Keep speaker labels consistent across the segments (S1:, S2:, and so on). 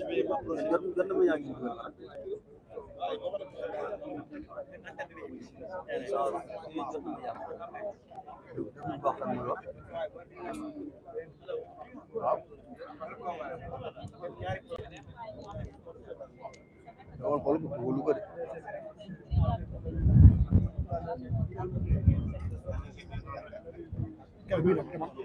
S1: je vais m'approcher.
S2: dawal xool lu ko de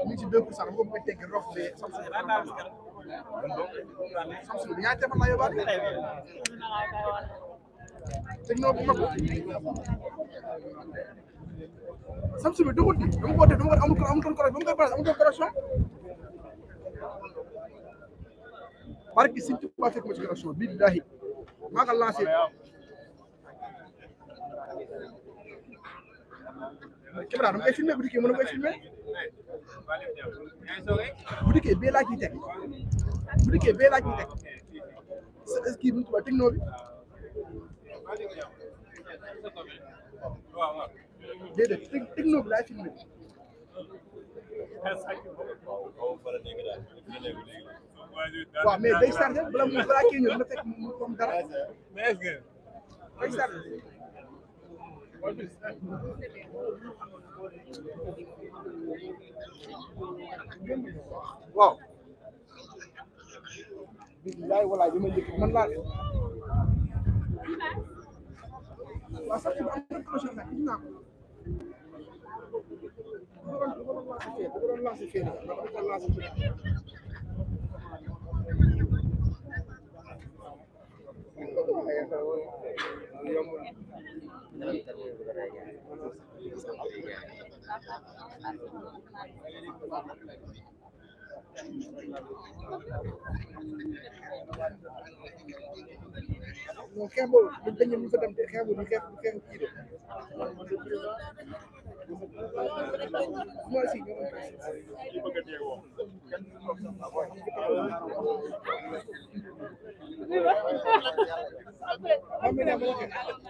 S2: ñu ngi si deux pour cent moom nga tegg rof de Samsung Samsung ñaari téléphone laa yóbbaale techno bu mag Samsung bi dugut bi dama ko def dama ko amul amutoon correction ba mu koy balance amutoon correction barki Sëriñ Tuubaa fekk ma ci correction billahi maa ko lancé caméra dama koy filmé bu dikkee mën na koy filmé bu dikkee bee laa ciy teg bu dikkee bee laa ciy teg sa kii nu tubaab techno bi déedéet techno bi laay filmé waaw mu balaa kii ñëw dina mu dara day chargé waaw. billaay walaay bi ma njëkk man laa waaw sax bi am na projet nag gis naa ko bu ko doon lancé fee bu ko doon lancé fee nag bu ko lancé fee nag non xeex boobu dañ dañu mën fa dem de xeex boobu xeex xeex kii de moi aussi ñoo am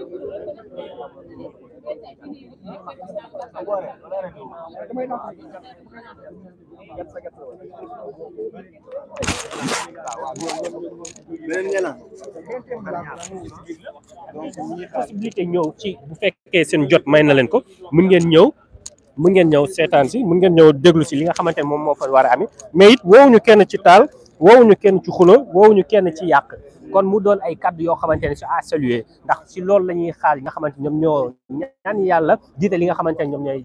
S2: possibilité ñëw ci bu fekkee seen jot may na leen ko mën ngeen ñëw mun ngeen ñëw seetaan si mun ngeen ñëw déglu si li nga xamante ne moom moo fa war a ami mais it woowuñu kenn ci taal woowuñu kenn ci xulo woowuñu kenn ci yàq kon mu doon ay kaddu yoo xamante ne si à saluer ndax si loolu la ñuy xaar yi nga xamante ñoom ñoo ñaan yàlla jiite li nga xamante ne ñoom ñooy